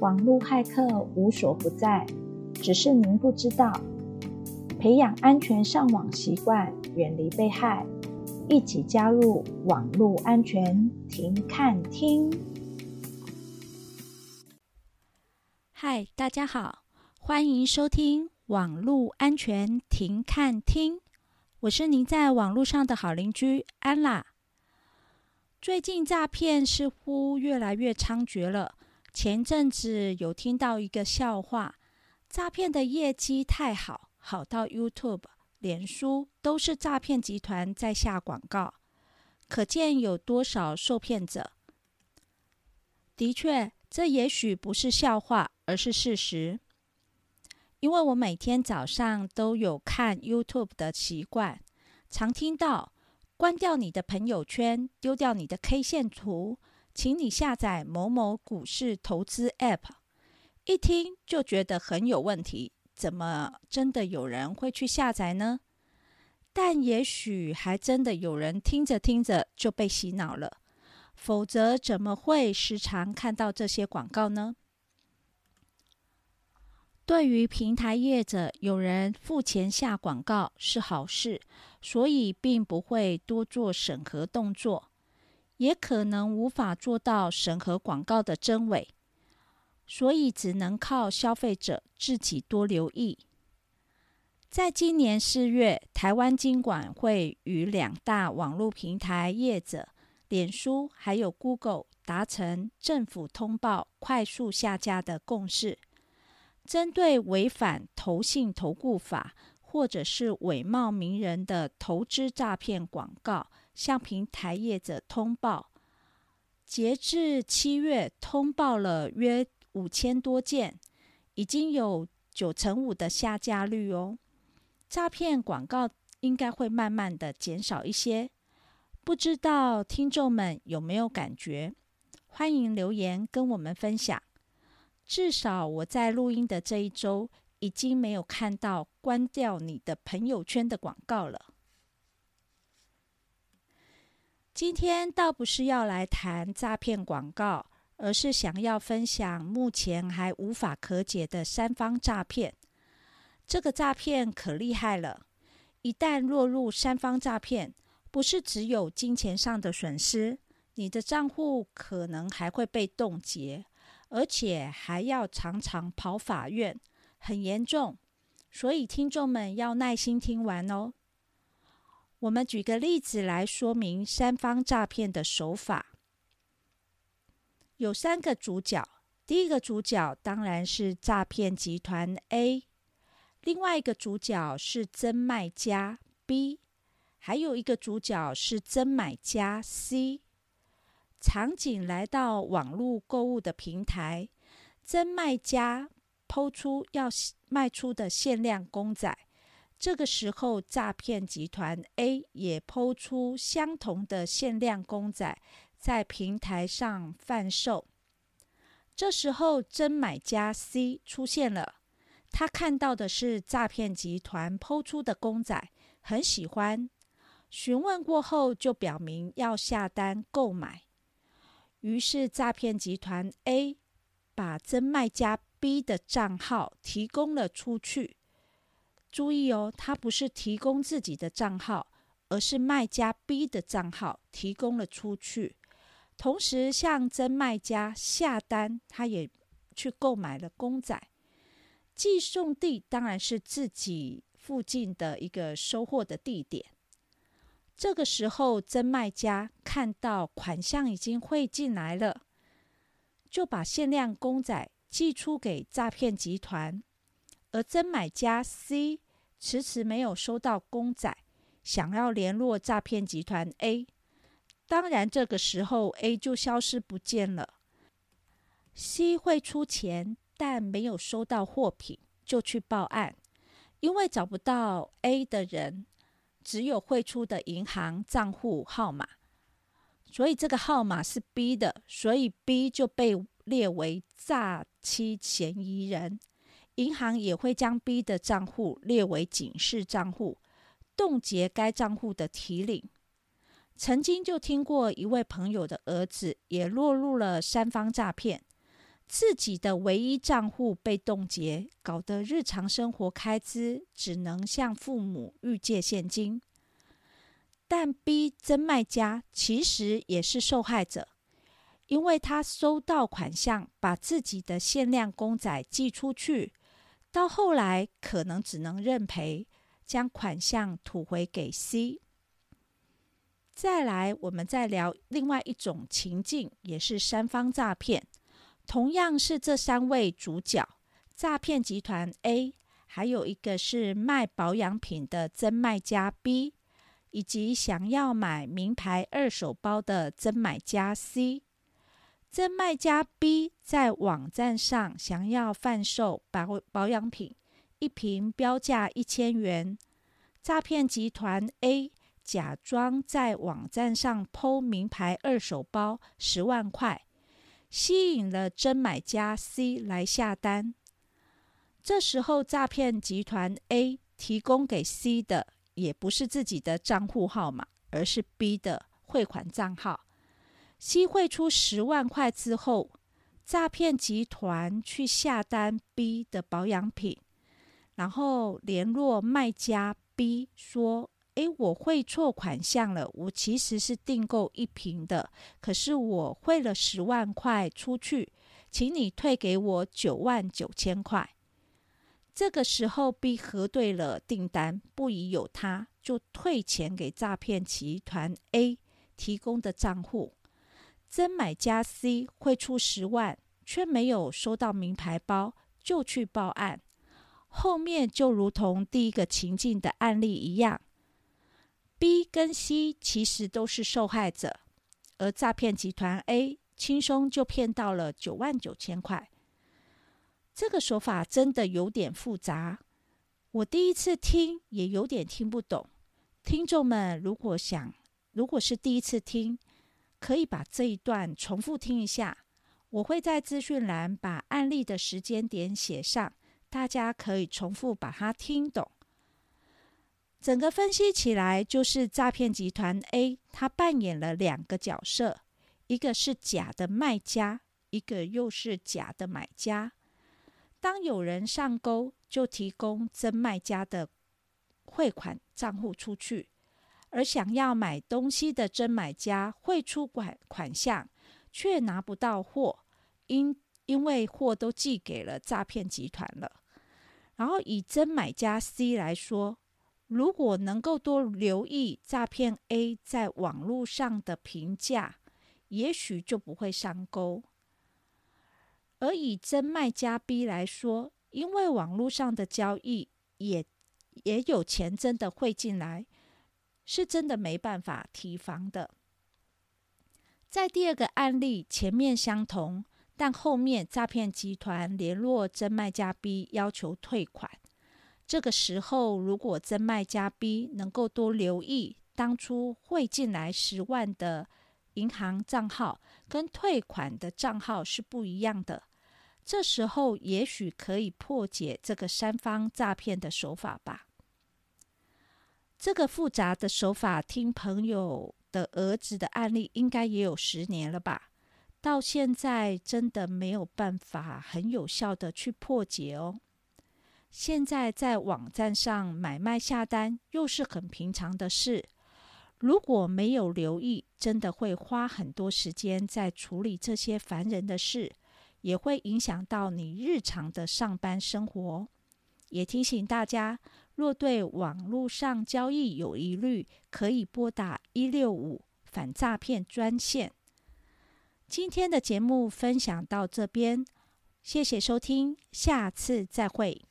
網絡駭客無所不在，只是您不知道。培養安全上網習慣，遠離被害，一起加入網絡安全停看聽。嗨，大家好，歡迎收聽網絡安全停看聽。我是您在網絡上的好鄰居安啦。最近詐騙似乎越來越猖獗了。前陣子有聽到一個笑話，詐騙的業績太好，好到 YouTube、臉書都是詐騙集團在下廣告，可見有多少受騙者。的確，這也許不是笑話，而是事實。因為我每天早上都有看 YouTube 的習慣，常聽到“關掉你的朋友圈，丟掉你的 K 線圖”。請你下載某某股市投資 App，一聽就覺得很有問題，怎麼真的有人會去下載呢？但也許還真的有人聽着聽着就被洗腦了，否則怎麼會時常看到這些廣告呢？對於平台業者，有人付錢下廣告是好事，所以並不會多做審核動作。也可能無法做到審核廣告的真偽，所以只能靠消費者自己多留意。在今年四月，台灣金管會與兩大網絡平台業者臉書還有 Google 達成政府通報、快速下架的共識，針對違反投信投顧法或者是偽冒名人的投資詐騙廣告，向平台業者通報，截至七月，通報了約五千多件，已經有九成五的下架率哦。詐騙廣告應該會慢慢的減少一些，不知道聽眾們有沒有感覺？歡迎留言跟我們分享。至少我在錄音的這一周，已經沒有看到關掉你的朋友圈的廣告了。今天倒不是要來談詐騙廣告，而是想要分享目前還無法可解的三方詐騙。這個詐騙可厲害了，一旦落入三方詐騙，不是只有金錢上的損失，你的賬戶可能還會被凍結，而且還要常常跑法院，很嚴重。所以聽眾們要耐心聽完哦。我們舉個例子來說明三方詐騙的手法。有三個主角，第一個主角當然是詐騙集團 A，另外一個主角是真賣家 B，還有一個主角是真買家 C。場景來到網絡購物的平台，真賣家拋出要賣出的限量公仔。這個時候，詐騙集團 A 也拋出相同的限量公仔，在平台上販售。這時候，真買家 C 出現了，他看到的是詐騙集團拋出的公仔，很喜歡。詢問過後，就表明要下單購買。於是，詐騙集團 A 把真賣家 B 的賬號提供了出去。注意哦，他不是提供自己的賬號，而是賣家 B 的賬號提供了出去。同時，向真賣家下單，他也去購買了公仔，寄送地當然是自己附近的一個收貨的地點。這個時候，真賣家看到款項已經匯進來了，就把限量公仔寄出給詐騙集團。而真買家 C 遲遲沒有收到公仔，想要聯絡詐騙集團 A。當然，這個時候 A 就消失不見了。C 匯出錢，但沒有收到貨品，就去報案。因為找不到 A 的人，只有匯出的銀行賬戶號碼，所以這個號碼是 B 的，所以 B 就被列為詐欺嫌疑人。銀行也會將 B 的賬戶列為警示賬戶，凍結該賬戶的提領。曾經就聽過一位朋友的兒子也落入了三方詐騙，自己的唯一賬戶被凍結，搞得日常生活開支只能向父母預借現金。但 B 真賣家其實也是受害者，因為他收到款項，把自己的限量公仔寄出去。到後來可能只能認賠，將款項吐回給 C。再來，我們再聊另外一種情境，也是三方詐騙，同樣是這三位主角：詐騙集團 A，還有一個是賣保養品的真賣家 B，以及想要買名牌二手包的真買家 C。真賣家 B 在網站上想要販售保保養品，一瓶標價一千元。詐騙集團 A 假裝在網站上 PO 名牌二手包十萬塊，吸引了真買家 C 來下單。這時候，詐騙集團 A 提供給 C 的也不是自己的賬戶號碼，而是 B 的匯款賬號。C 匯出十萬塊之後，詐騙集團去下單 B 的保養品，然後聯絡賣家 B 說：“誒，我匯錯款項了，我其實是訂購一瓶的，可是我匯了十萬塊出去，請你退給我九萬九千塊。”這個時候 B 核對了訂單，不疑有他，就退錢給詐騙集團 A 提供的賬戶。真買家 C 匯出十萬，卻沒有收到名牌包，就去報案。後面就如同第一個情境的案例一樣，B 跟 C 其實都是受害者，而詐騙集團 A 輕鬆就騙到了九萬九千塊。這個說法真的有點複雜，我第一次聽也有點聽不懂。聽眾們如果想，如果是第一次聽。可以把這一段重複聽一下，我會在資訊欄把案例的時間點寫上，大家可以重複把它聽懂。整個分析起來就是詐騙集團 A，他扮演了兩個角色，一個是假的賣家，一個又是假的買家。當有人上鈎，就提供真賣家的匯款賬戶出去。而想要買東西的真買家匯出款款項，卻拿不到貨，因因為貨都寄給了詐騙集團了。然後以真買家 C 來說，如果能夠多留意詐騙 A 在網絡上的評價，也許就不會上鈎。而以真賣家 B 來說，因為網絡上的交易也也有錢真的匯進來。是真的沒辦法提防的。在第二個案例，前面相同，但後面詐騙集團聯絡真賣家 B，要求退款。這個時候，如果真賣家 B 能夠多留意，當初匯進來十萬的銀行賬號跟退款的賬號是不一樣的。這時候，也許可以破解這個三方詐騙的手法吧。這個複雜的手法，聽朋友的兒子的案例，應該也有十年了吧？到現在真的沒有辦法很有效地去破解哦。現在在網站上買賣下單又是很平常的事，如果沒有留意，真的會花很多時間在處理這些煩人的事，也會影響到你日常的上班生活。也提醒大家。若對網絡上交易有疑慮，可以撥打165反詐騙專線。今天的節目分享到這邊，謝謝收聽，下次再會。